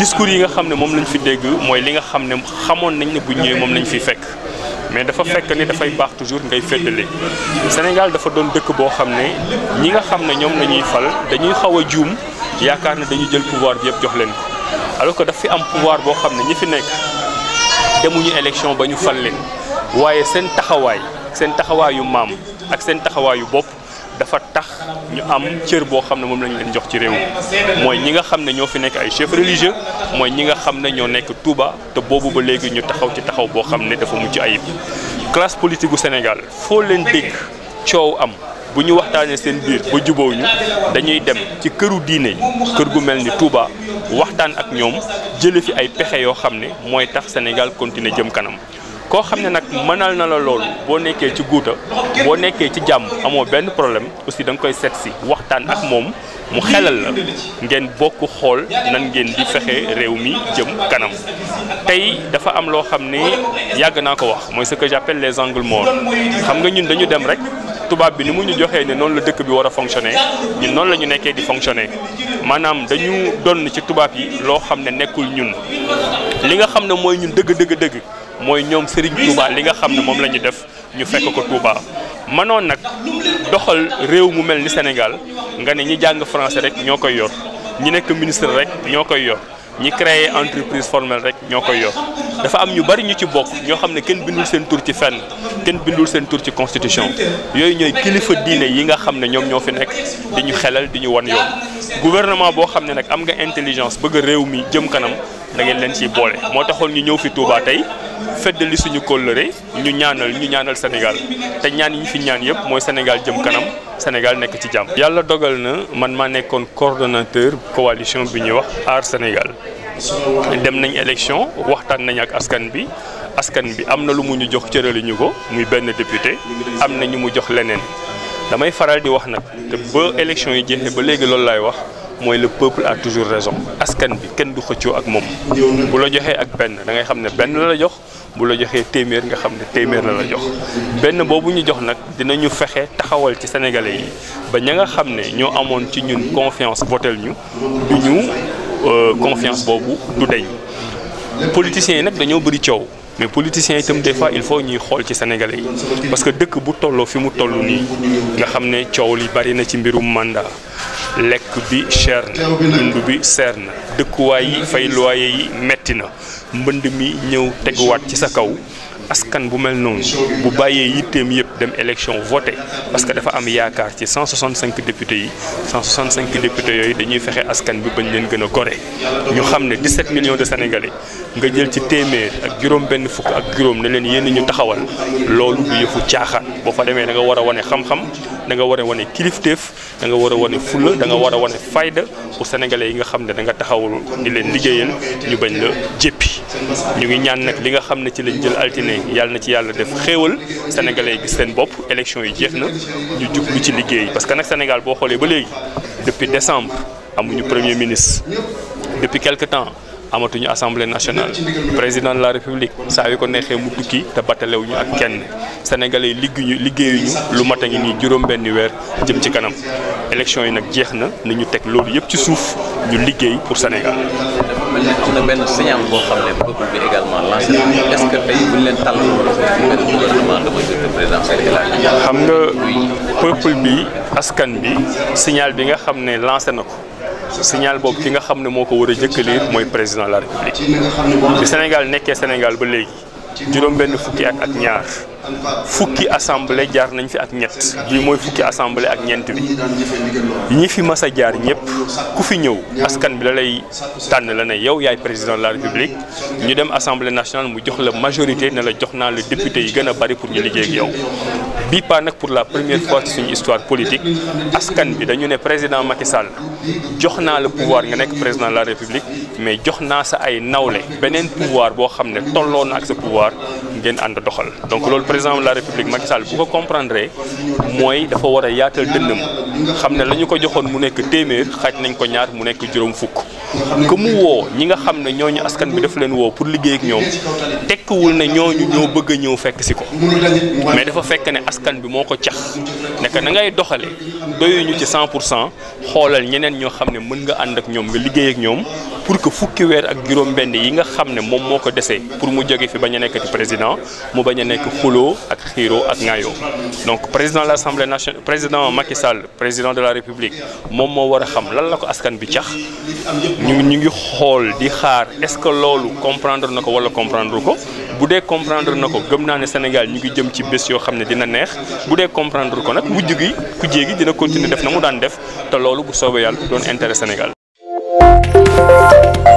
discours yi nga xam ne moom lañ fi dégg mooy li nga xam ne xamoon nañ ne bu ñëwee moom lañ fi fekk mais dafa fekk ni dafay baax toujours ngay féddale Sénégal dafa doon dëkk boo xam ne ñi nga xam ne ñoom la ñuy fal dañuy xaw a juum yaakaar ne dañu jël pouvoir bi yëpp jox leen ko alors fi am pouvoir boo xam ne ñi fi nekk demuñu élection ba ñu fal leen waaye seen taxawaay seen taxawaayu maam ak seen taxawaayu bopp. dafa tax ñu am cër boo xam ne moom lañu leen jox ci réew mi mooy ñi nga xam ne ñoo fi nekk ay chef religieux mooy ñi nga xam ne ñoo nekk Touba te boobu ba léegi ñu taxaw ci taxaw boo xam ne dafa mucc ayib classe politique gu Sénégal foo leen dégg coow am bu ñu waxtaanee seen biir ba jubóo ñu dañuy dem ci këru diine kër gu mel ni tuuba waxtaan ak ñoom jële fi ay pexe yoo xam ne mooy tax Sénégal continuer jëm kanam koo xam ne nag mënal na la loolu boo nekkee ci guuta boo nekkee ci jàmm amoo benn problème aussi da koy seet si waxtaan ak moom mu xelal la ngeen bokk xool nan ngeen di fexe réew mi jëm kanam tey dafa am loo xam ne yàgg naa ko wax mooy ce que j'appelle les angles morts xam nga ñun dañu dem rek tubaab bi ni mu ñu joxee ne noonu la dëkk bi war a fonctionner ñun noonu la ñu nekkee di fonctionner maanaam dañu donn ci tubaab yi loo xam ne nekkul ñun li nga xam ne mooy ñun dëgg mooy ñoom Serigne Touba li nga xam ne moom la ñu def ñu fekk ko Touba mënoon nag doxal réew mu mel ni Sénégal nga ne ñi jàng français rek ñoo koy yor ñi nekk ministre rek ñoo koy yor ñi créer entreprise formelle rek ñoo koy yor dafa am ñu bari ñu ci bokk ñoo xam ne kenn bindul seen tur ci fenn kenn bindul seen tur ci constitution yooyu ñooy kilifa diine yi nga xam ne ñoom ñoo fi nekk di ñu xelal di ñu wan yoon gouvernement boo xam ne nag am nga intelligence bëgg réew mi jëm kanam da ngeen leen ciy boole moo taxoon ñu ñëw fi Touba tey. feddali suñu kóllëre ñu ñaanal ñu ñaanal Sénégal te ñaan yi ñu fi ñaan yëpp mooy Sénégal jëm kanam Sénégal nekk ci jàmm. yàlla dogal na man maa nekkoon coordonnateur coalition bi ñuy wax Aar Sénégal dem nañ élection waxtaan nañu ak askan bi askan bi am na lu mu ñu jox cërali ñu ko muy benn député am na ñu mu jox leneen damay faral di wax nag te ba élection yi jeexee ba léegi loolu laay wax. mooy le peuple a toujours raison askan bi kenn du xëccoo ak moom bu la joxee ak benn da ngay xam ne benn jox bu la joxee téeméer nga xam ne téeméer la la jox benn boobu ñu jox nag dinañu fexe taxawal ci sénégalais yi ba ña nga xam ne ñoo amoon ci ñun confiance votel ñu du ñu euh, confiance boobu du deñ politiciens yi nag dañoo bëri coow. mais politiciens itam des fois il faut ñuy xool ci sénégalais yi parce que dëkk bu tolloo fi mu toll nii nga xam ne coow li bari na ci mbirum mandat lekk bi cher na dund bi seer na dëkkuwaay yi fay loyer yi metti na mbënd mi ñëw teguwaat ci sa kaw askan bu mel noonu bu bàyyee yitteem yëpp dem élection voté parce que dafa am yaakaar ci 165 députés yi 165 députés yooyu dañuy fexe askan bi bañ leen gën a gore ñu xam ne 17 millions de sénégalais nga jël ci téeméer ak juróom-benn fukk ak juróom ne leen yéen ñu taxawal loolu du yëfu caaxaan boo fa demee danga nga war a wane xam-xam da nga war a wane kilifteef da nga war a wane fulla da nga war a wane fayda pour sénégalais yi nga xam ne da nga taxawul di leen liggéeyal ñu bañ la jéppi ñu ngi ñaan nag li nga xam ne ci lañ jël altine yàlla na yàlla def bopp élection yi jeex na ñu jublu ci liggéey parce que nag Sénégal boo xoolee ba léegi depuis décembre amuñu premier ministre depuis quelque temps amatuñu assemblée nationale président de la république saa yu ko neexee mu tukki te battalewuñu ak kenn sénégalais yi liggéeyuñu liggéeyuñu lu mat a ngi nii juróom-benni weer jëm ci kanam élection yi nag jeex na ñu teg loolu yëpp ci suuf ñu liggéey pour Sénégal mel ne am boo xam ne peuple bi également lancé est ce que nga peuple bi askan bi signal bi nga xam ne lancé na ko signal boobu ki nga xam ne moo ko war a jëkk lire mooy président de la république bi Sénégal nekkee Sénégal ba léegi juróom benn fukki ak ak ñaar fukki assemblée jaar nañ fi ak ñett lii mooy fukki assemblée ak ñeent bi ñi fi mas a jaar ñëpp ku fi ñëw askan bi la lay tànn la ne yow yaay président de la république ñu dem assemblée nationale mu jox la majorité ne la jox naa la député yi gën a bari pour ñu liggéey ak yow bii pas nag pour la première fois ci suñu histoire politique askan bi dañu ne président Macky Sall jox naa la pouvoir nga nekk président la république mais jox naa sa ay nawle beneen pouvoir boo xam ne tolloo na ak sa pouvoir ngeen ànd doxal donc loolu président la république Macky Sall bu ko comprendre mooy dafa war a yaatal dënnam xam ne la ñu ko joxoon mu nekk téeméer xaaj nañ ko ñaar mu nekk juróom fukk que mu woo ñi nga xam ne ñooñu askan bi dafa leen woo pour liggéey ak tekkiwul ne ñooñu ñoo bëgg a ñëw fekk si ko mais dafa fekk ne askan bi moo ko cax nekk na ngay doxale doyuñu ci 100 pour cent xoolal ñeneen ñoo xam ne mën nga ànd ak ñoom nga liggéey ak ñoom pour que fukki weer ak juróom mbenn yi nga xam ne moom moo ko desee pour mu jóge fi bañ a nekkati président mu bañ a nekk xuloo ak xiiroo ak ŋaayoo donc président de l' assemblée nationale président Macky Sall président de la république moom moo war a xam lan la ko askan bi cax ñu ñu ngi xool di xaar est ce que loolu comprendre na ko wala comprendre ko bu dee comprendre na ko gëm naa ne Sénégal ñu ngi jëm ci bés yoo xam ne dina neex bu dee comprendre ko nag mujj gi ku jéegi dina continuer def na mu daan def te loolu bu soobee yàlla doon intérêt Sénégal. Thank you.